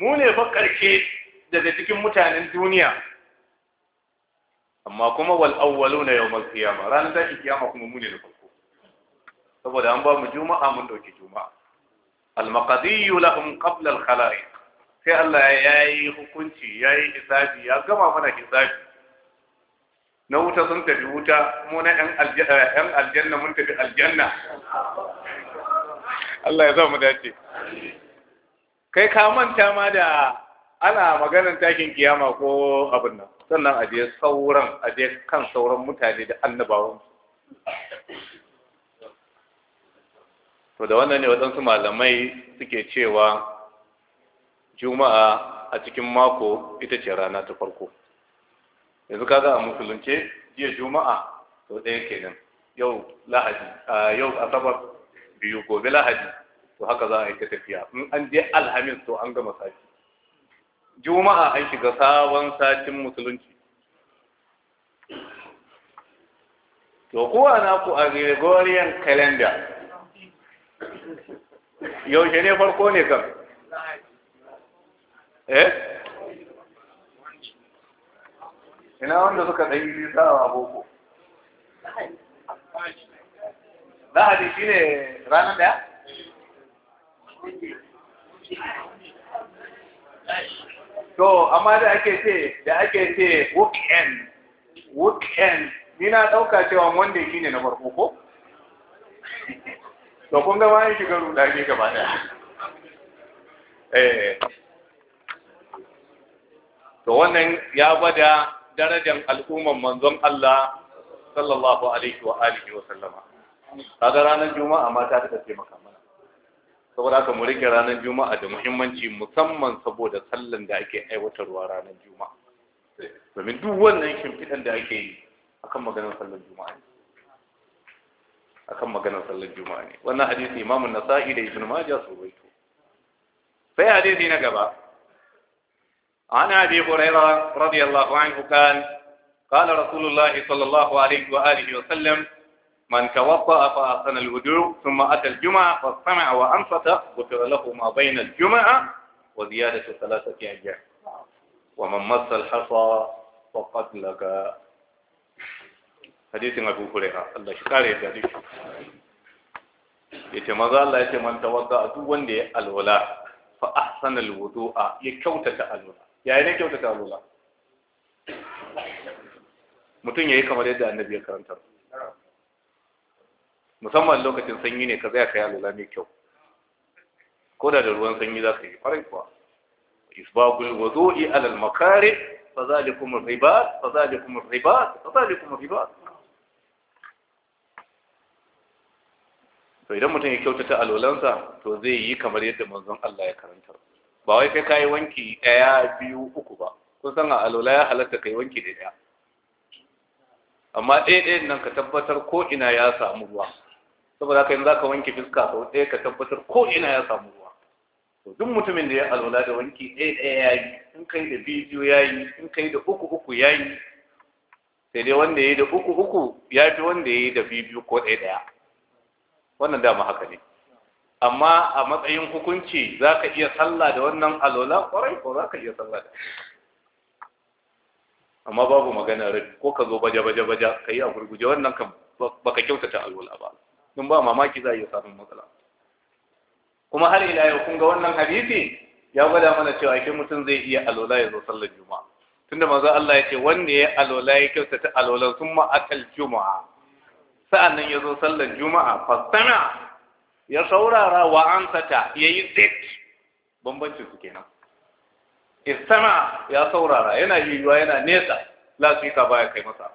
mu ne fa karshe daga cikin mutanen duniya amma kuma wal awwaluna yawmal qiyamah ranar tashin kiyama kuma mu ne na farko saboda an ba mu juma'a mun dauki juma'a al-maqdi lahum qabla sai Allah ya yi hukunci ya yi hisabi ya gama mana hisabi na wuta sun tafi wuta mu na yan aljanna mun tafi aljanna Allah ya za mu dace kai ka manta ma da ana maganar takin kiyama ko abin nan sannan aje sauran aje kan sauran mutane da annabawan to da wannan ne waɗansu malamai suke cewa juma'a a cikin mako ita ce rana ta farko yanzu kaga a musulunce jiya juma'a to ɗaya kenan yau lahadi yau asabar biyu gobe lahadi to haka za a yi ta tafiya in an je alhamis to an gama sati juma'a an shiga sabon satin musulunci to kowa na ku a gregorian calendar yaushe ne farko ne kan eh ina wanda suka ɗan yi za a boko lahadi shi ne ranar daya to amma da ake ce da ake ce weekend weekend ni na ɗauka cewa wanda shi ne na farko ko to kun ga bayan shiga rudani gaba da eh to wannan ya gwada darajar al'umman manzon Allah sallallahu alaihi wa alihi wa sallama kaga ranar juma'a mata ta tafi maka mana saboda ka muri ga ranar juma'a da muhimmanci musamman saboda sallan da ake aiwatarwa ranar juma'a domin duk wannan shimfiɗan da ake yi akan maganar sallar juma'a ne akan maganar sallar juma'a ne wannan hadisi imamun nasa'i da ibn majah su rubuto sai hadisi na gaba عن أبي هريرة رضي الله عنه قال قال رسول الله صلى الله عليه وآله وسلم من توضأ فأحسن الهدوء ثم أتى الجمعة فاستمع وأنصت غفر له ما بين الجمعة وزيادة ثلاثة أيام ومن مس الحصى فقد لقى hadisin abu huraira Allah shi kare da shi ce maza Allah yace man tawadda duk wanda ya alwala fa ahsana alwudu'a ya kyautata alwala yayi ne kyautata alwala mutum yayi kamar yadda annabi ya karanta musamman lokacin sanyi ne ka tsaya kai yi alwala mai kyau ko da da ruwan sanyi za ka yi farai kuwa isbabul wudu'i alal makari fa zalikum ribat fa zalikum ribat fa zalikum ribat to idan mutum ya kyautata alolansa, to zai yi kamar yadda manzon Allah ya karanta ba wai kai kai wanki daya biyu uku ba kun san a alola ya halatta kai wanki da daya amma ɗaya ɗaya nan ka tabbatar ko ina ya samu ruwa saboda haka yanzu ka wanke fiska ko ɗaya ka tabbatar ko ina ya samu ruwa to duk mutumin da ya alola da wanki ɗaya ɗaya ya yi in kai da biyu ya yi in kai da uku uku ya yi sai dai wanda ya yi da uku uku ya fi wanda ya yi da biyu ko ɗaya ɗaya wannan dama haka ne amma a matsayin hukunci za ka iya sallah da wannan alola kwarai ko za ka iya sallah da amma babu magana rai, ko ka zo baje-baje-baje, ka yi a gurguje wannan kan baka kyautata alola ba don ba mamaki za a iya samun matsala kuma har ila yau kun ga wannan hadisi ya gwada mana cewa ake mutum zai iya alola ya zo sallar juma'a tunda maza Allah ya ce wanda ya alola ya kyautata alolan sun ma'akal juma'a nan ya zo sallar juma'a fastana ya saurara wa sata ya yi zit bambanci su kenan istama ya saurara yana yiwuwa yana nesa lasika baya kai masa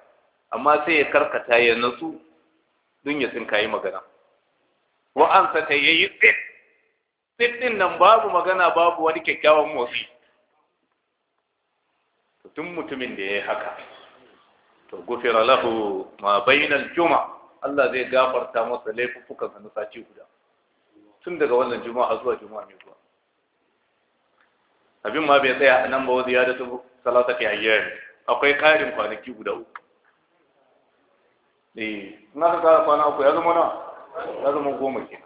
amma sai ya karkata ya nasu don ya kayi magana wa sata ya yi zit zit din nan babu magana babu wani kyakkyawan motsi tun mutumin da ya yi haka to gufira lahu ma bainal juma'a Allah zai gafarta masa laifuffukansa na sati guda tun daga wannan juma'a zuwa juma'a mai zuwa abin ma bai tsaya a nan ba wani ya da tubu salata ta ayyar akwai ƙarin kwanaki guda uku eh na ka ƙara kwana uku ya zama na ya zama goma ke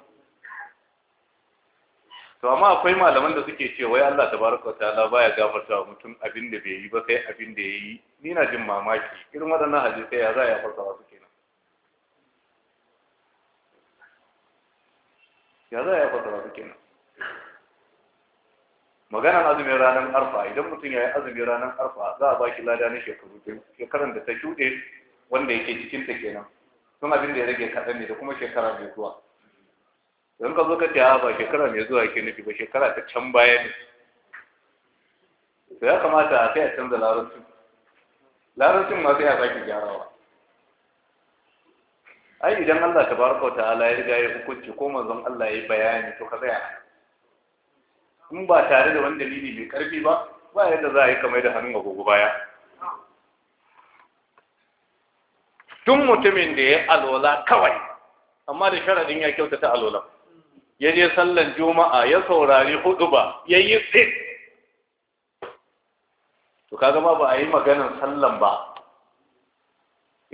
to amma akwai malaman da suke ce wai Allah tabaraka ta'ala baya gafarta wa mutum abin da bai yi ba sai abin da ya yi ni na jin mamaki irin waɗannan sai ya za a farka farkawa suke ya za ya fasara su kenan maganan azumin ranar arfa idan mutum ya yi azumin ranar arfa za a baki lada na shekaru biyu shekaran da ta shuɗe wanda yake cikin ta kenan sun abin da ya rage kaɗan ne da kuma shekara mai zuwa don ka zo ka ce ba shekara mai zuwa ke nufi ba shekara ta can baya ne to ya kamata a sai a canza larabcin larabcin ma sai a baki gyarawa ai idan Allah ta ta ala ya riga ya hukunci ko manzon Allah ya yi bayani to ka tsaya in ba tare da wani dalili mai karfi ba ba yadda za a yi kamar da hannun agogo baya tun mutumin da ya alola kawai amma da sharadin ya kyautata alola ya je sallan juma'a ya saurari hudu ba ya yi tsit to kaga ma ba a yi maganar sallan ba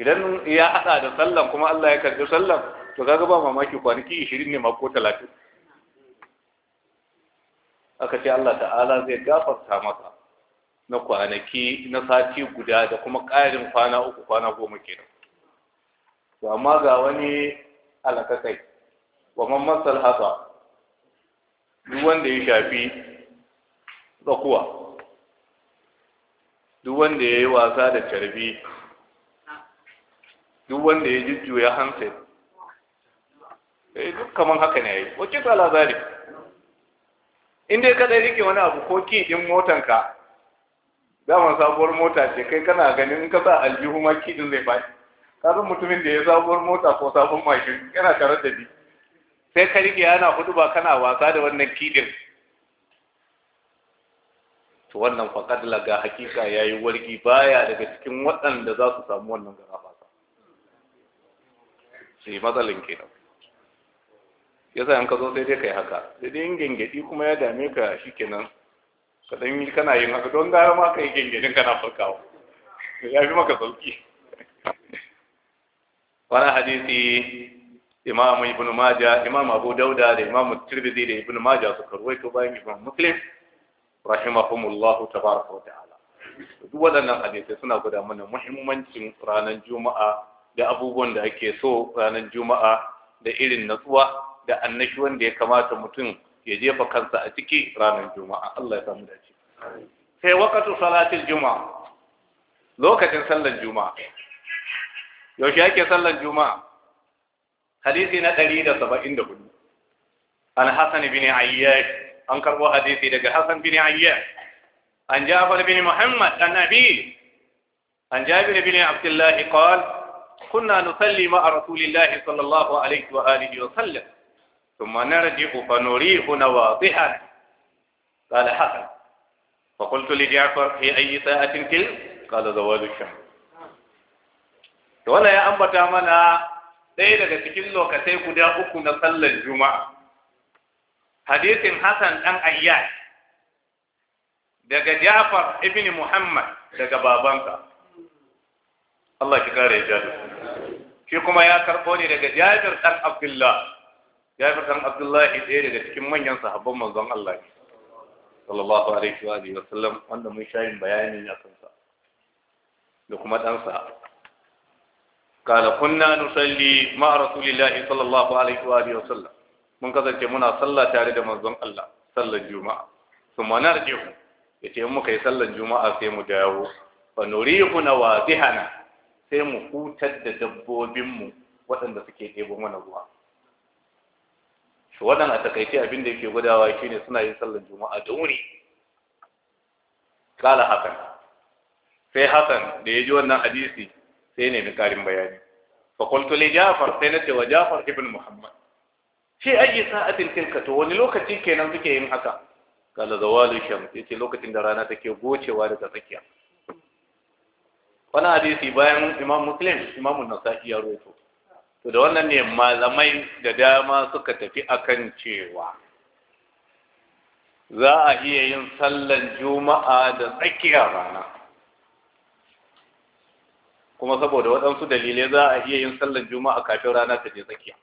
idan ya haɗa da sallan kuma Allah ya karbi sallan to kaga ba mamaki kwanaki 20 ne ma ko 30 aka ce Allah ta'ala zai gafarta maka na kwanaki na sati guda da kuma ƙarin kwana uku kwana goma kenan to amma ga wani alakakai wa man masal hasa duk wanda ya shafi tsakuwa duk wanda ya yi wasa da carbi duk wanda ya jujjuya hanset eh duk kaman haka ne yayi wace sala zari in dai kada rike wani abu ko ki din motanka mu sabuwar mota ce kai kana ganin in ka sa aljihu ma ki din zai faɗi kasan mutumin da ya sabuwar mota ko sabon mashin yana tare da bi, sai ka rike yana hudu ba kana wasa da wannan din to wannan faqad laga hakika yayi wargi baya daga cikin waɗanda za su samu wannan garaba shi matsalin kenan yasa in ka zo sai dai kai haka sai dai yin gengedi kuma ya dame ka shikenan ka dan yi kana yin haka don gara ma yi gengedin kana farkawa ya fi maka sauki wani hadisi imam ibn maja imam abu dauda da imam tirmidhi da ibn maja suka ruwaito bayan imam muslim rahimahumullahu tabaraka wa ta'ala duk waɗannan hadisai suna guda mana muhimmancin ranar juma'a da abubuwan da ake so ranar juma'a da irin natsuwa da annashi wanda ya kamata mutum ya jefa kansa a ciki ranar juma'a Allah ya samu dace sai wakatu salatil juma'a lokacin sallar juma'a yaushe ake sallar juma'a hadisi na 174 an hasan ibn ayyash an karbo hadisi daga hasan ibn ayyash an jafar ibn muhammad annabi abi an jabir bin abdullah qala كنا نصلي مع رسول الله صلى الله عليه وآله وسلم ثم نرجع فنريه نواضحا قال حسن فقلت لجعفر في أي ساعة كل قال زوال الشهر ولا يا أمبا تعملا سيدة تكل وكسيك دا نصلى الجمعة حديث حسن أم أياه دا جعفر ابن محمد دا بابانك Allah ki kare ya Jabir shi kuma ya karbo ne daga Jabir dan Abdullah Jabir dan Abdullah ɗaya daga cikin manyan sahabban manzon Allah sallallahu alaihi wa alihi wasallam wanda mun shayin bayani a kansa da kuma ɗansa قال كنا نصلي مع رسول الله صلى الله عليه wa sallam. mun kasance muna sallah tare da manzon Allah sallar juma'a kuma narjihu yace in muka yi sallar juma'a sai mu dawo fa nurihu nawadihana sai mu hutar da dabbobinmu waɗanda suke ɗebo mana ruwa shi waɗanda a takaice abin da yake gudawa shine suna yin sallar juma'a da wuri kala hakan sai hakan da ya ji wannan hadisi sai ne mai ƙarin bayani fa qultu ja'far sai na ce wa ja'far ibn muhammad shi ayi sa'adin tilka to wani lokaci kenan suke yin haka kala zawalu shams ce lokacin da rana take gocewa daga tsakiya wani hadisi bayan imam muslim imam nasa'i ya roto to da wannan ne malamai da dama suka tafi akan cewa za a iya yin sallan juma'a da tsakiyar rana kuma saboda waɗansu dalilai za a iya yin sallan juma'a kafin rana ta je tsakiya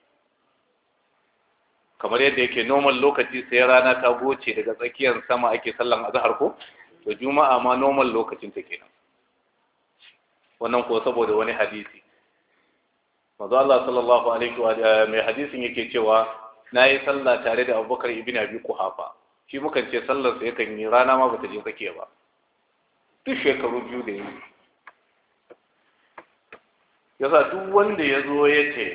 kamar yadda yake noman lokaci sai rana ta goce daga tsakiyar sama ake sallan azhar ko to juma'a ma noman lokacin ta kenan wannan ko saboda wani hadisi manzo Allah sallallahu alaihi wa eh, mai hadisin yake cewa nayi sallah tare da Abubakar ibn Abi Kuhafa shi mukan ce sallar sa yakan yi rana ma bata je tsakiya ba duk shekaru biyu da yi yasa duk wanda ya zo ya ce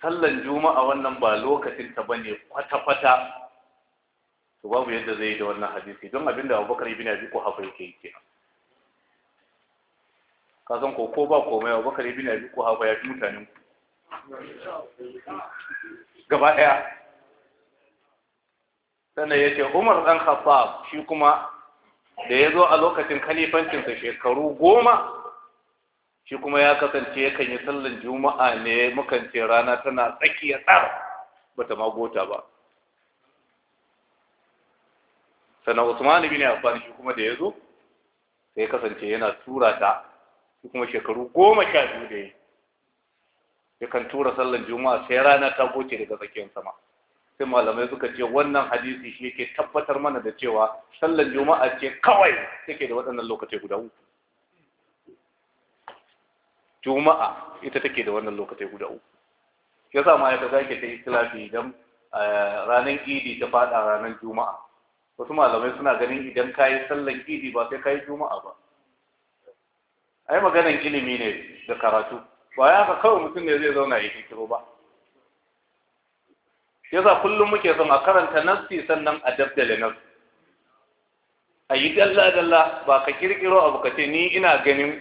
sallan juma'a wannan ba lokacin ta bane kwata-kwata to babu yadda zai yi da wannan hadisi don abinda Abubakar ibn Abi Kuhafa yake yi kenan ka san ko ko ba komai wa bakare bin abi ko hafa ya fi mutanen ku. gaba daya sannan ya umar dan khattab shi kuma da ya a lokacin sa shekaru goma shi kuma ya kasance yakan yi sallan juma'a ne mukan ce rana tana tsakiya tsar bata magota ba sana usman bin affan shi kuma da yazo zo sai kasance yana tura ta kuma shekaru goma sha biyu da ya kan tura sallar juma'a sai rana ta goce daga tsakiyar sama sai malamai suka ce wannan hadisi shi yake tabbatar mana da cewa sallar juma'a ce kawai take da waɗannan lokacin guda uku juma'a ita take da wannan lokacin guda uku ya sa ma yadda zake ta tilafi idan eh, ranar idi ta faɗa ranar juma'a wasu malamai suna ganin idan ka yi sallar idi ba sai ka yi juma'a ba ai maganan ilimi ne da karatu ba ya ka kawai mutum ne zai zauna ya kiro ba yasa kullum muke son a karanta nassi sannan a dabdale nassi a yi dalla-dalla ba ka kirkiro abu ka ce ni ina ganin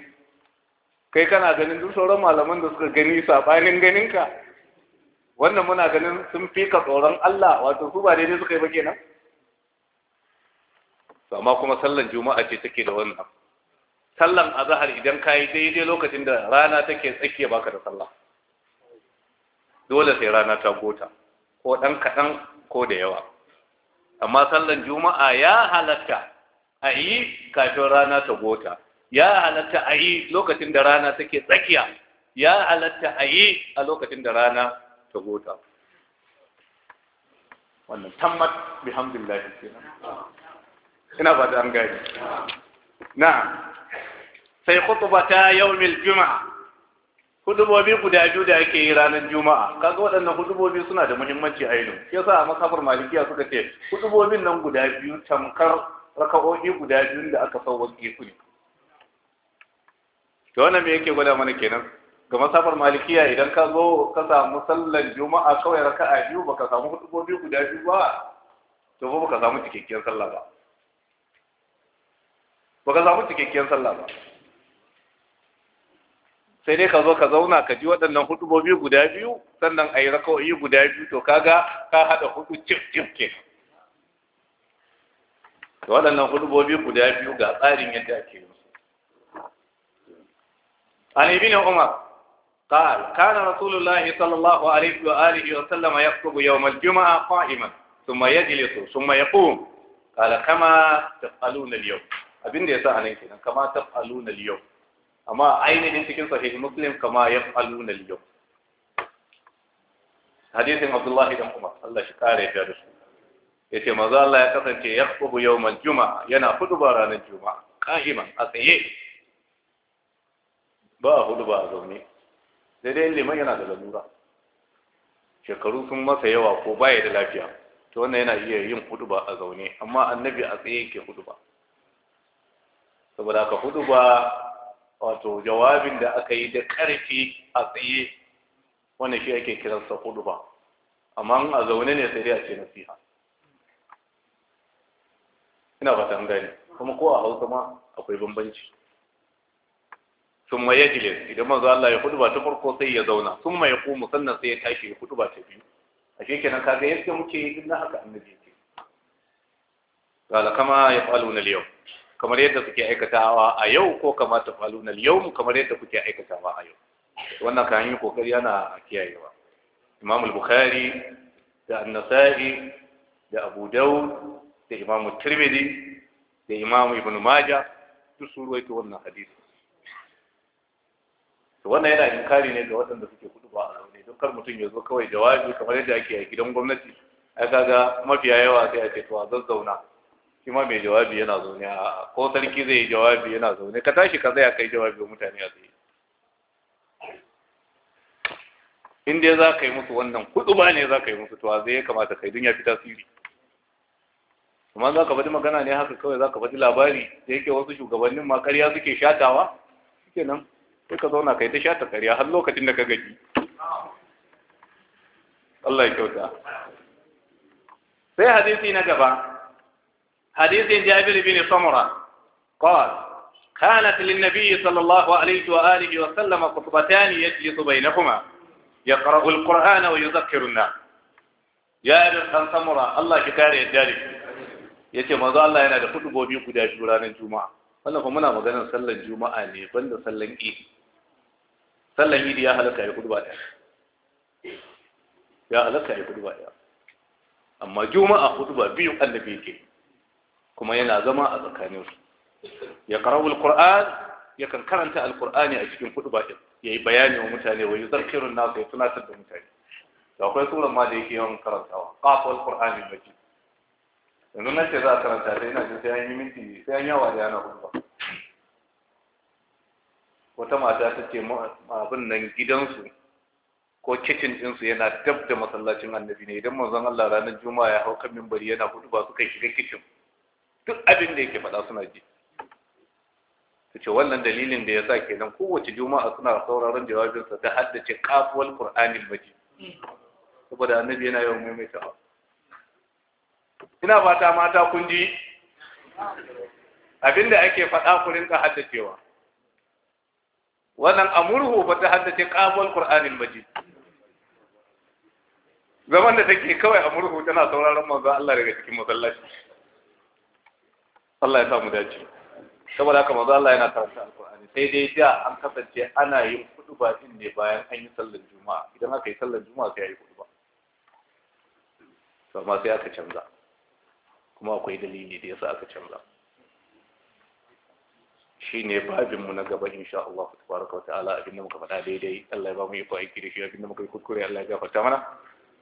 kai kana ganin duk sauran malaman da suka gani saɓanin ganinka wannan muna ganin sun fi ka tsoron Allah wato su ba daidai suka yi ba kenan sama kuma sallan juma'a ce take da wannan sallan azahar idan ka yi daidai lokacin da rana take tsakiya baka da sallah dole sai rana ta gota ko dan kadan ko da yawa amma sallan juma'a ya halatta a yi kafin rana ta gota ya halatta a yi lokacin da rana take tsakiya ya halatta a yi a lokacin da rana ta gota wannan tammat bihamdillahi kenan ina ba da an gani na'am sai ta yawmil juma'a hudubobi guda biyu da ake yi ranar juma'a kaga waɗannan hudubobi suna da muhimmanci a yau shi yasa a makabar malikiya suka ce hudubobin nan guda biyu tamkar raka'o'i guda biyu da aka sauwaƙe su ne to wannan me yake gwada mana kenan ga masabar malikiya idan ka zo ka samu sallar juma'a kawai raka'a biyu baka samu hudubobi guda biyu ba to ba baka samu cikakkiyar sallah ba baka samu cikakkiyar sallah ba sai dai ka zo ka zauna ka ji waɗannan hudubobi guda biyu sannan a yi raka'o'i guda biyu to kaga ka haɗa hudu cif cif ke to waɗannan hudubobi guda biyu ga tsarin yadda ake yi an ibn umar قال كان رسول الله صلى wa عليه وآله وسلم يخطب يوم الجمعة قائما ثم Sun ثم يقوم قال كما تفعلون اليوم abin da ya sa anan kenan kama taf'aluna al amma ainihin cikin sahih muslim kama ya faluna liyo hadisin abdullahi dan kuma Allah shi kare ya da su ce maza Allah ya kasance ya kubu yawmal juma'a yana ba ranar juma'a qa'iman a tsaye ba ba a zaune sai dai liman yana da lalura shekaru sun masa yawa ko baya da lafiya to wannan yana iya yin ba a zaune amma annabi a tsaye hudu ba. saboda haka ba. wato jawabin da aka yi da ƙarfi a tsaye wanda shi ake kiransa hudu ba amma a zaune ne sai dai a ce nasiha ina ba ta gani kuma ko a hausa ma akwai bambanci sun ya jile idan mazu Allah ya hudu ba ta farko sai ya zauna sun ya kuma sannan sai ya tashi ya hudu ba ta biyu a shi kenan kaga yadda muke yi na haka annabi ce ya كما na liyau. kamar yadda kuke aikatawa a yau ko kamar kama tafaluna yau, yawm kamar yadda kuke aikatawa a yau wannan kayan yi kokari yana kiyayewa Imam al-Bukhari da An-Nasa'i da Abu Dawud da Imam Tirmidhi da Imam Ibn Majah duk su ruwaito wannan hadisi to wannan yana inkari ne ga waɗanda suke kudu ba a rauni, don kar mutum ya zo kawai jawabi kamar yadda ake a gidan gwamnati ai kaga mafiya yawa sai a ce to a zazzauna shi ma mai jawabi yana zaune a ko sarki zai yi jawabi yana zaune ka tashi ka zai kai jawabi wa mutane a zai in dai za ka yi musu wannan kudu ba ne za ka yi musu tuwa, zai ya kamata kai dunya ya fi tasiri amma za ka faɗi magana ne haka kawai za ka faɗi labari da yake wasu shugabannin ma ƙarya suke shatawa suke nan sai ka zauna kai ta shata ƙarya har lokacin da ka gaji Allah ya kyauta sai hadisi na gaba حديث جابر بن سمرة قال كانت للنبي صلى الله عليه وآله وسلم خطبتان يجلس بينهما يقرأ القرآن ويذكر الناس جابر بن سمرة الله كتاب يجاري يتي مضى الله ينادى خطبه بيو قد أشبران الجمعة wannan kuma muna maganar sallar juma'a ne ban da sallar idi sallar idi ya halaka ya kudu ba ɗaya ya halaka ya kudu ba ɗaya amma kuma yana zama a tsakaninsu ya karawul qur'an kan karanta alqur'ani a cikin kudu Ya yayi bayani wa mutane wa yuzakkirun na ya tunatar da mutane da akwai tsoron ma da yake yawan karantawa qafal qur'ani baki yanzu na ce za a karanta sai ina jin sai an yi minti sai an yawa da yana hudu wata mata ta ce abin nan gidansu ko kicin ɗinsu yana dab da masallacin annabi ne idan manzon Allah ranar juma'a ya hau kan mimbari yana hudu ba suka shiga kicin duk abin da yake faɗa suna ji ta ce wannan dalilin da ya sa ke nan kowace juma'a suna sauraron jawabinsa ta haddace kafuwar ƙur'anin maji saboda annabi yana yawan maimaita ba ina fata mata kun ji abinda ake faɗa ku rinka haddacewa wannan amurhu ba ta haddace kafuwar ƙur'anin maji zaman da take kawai amurhu tana sauraron manzo Allah daga cikin masallaci Allah ya samu dace saboda haka manzo Allah yana karanta alqur'ani sai dai da an kasance ana yin ba din ne bayan an yi sallar juma'a idan aka yi sallar juma'a sai ayi kuduba to amma sai aka canza kuma akwai dalili da yasa aka canza Shi babin mu na gaba insha Allah tabaraka wa ta'ala abinda muka faɗa daidai Allah ya ba mu iko aiki da shi abinda muka yi kuskure Allah ya gafarta mana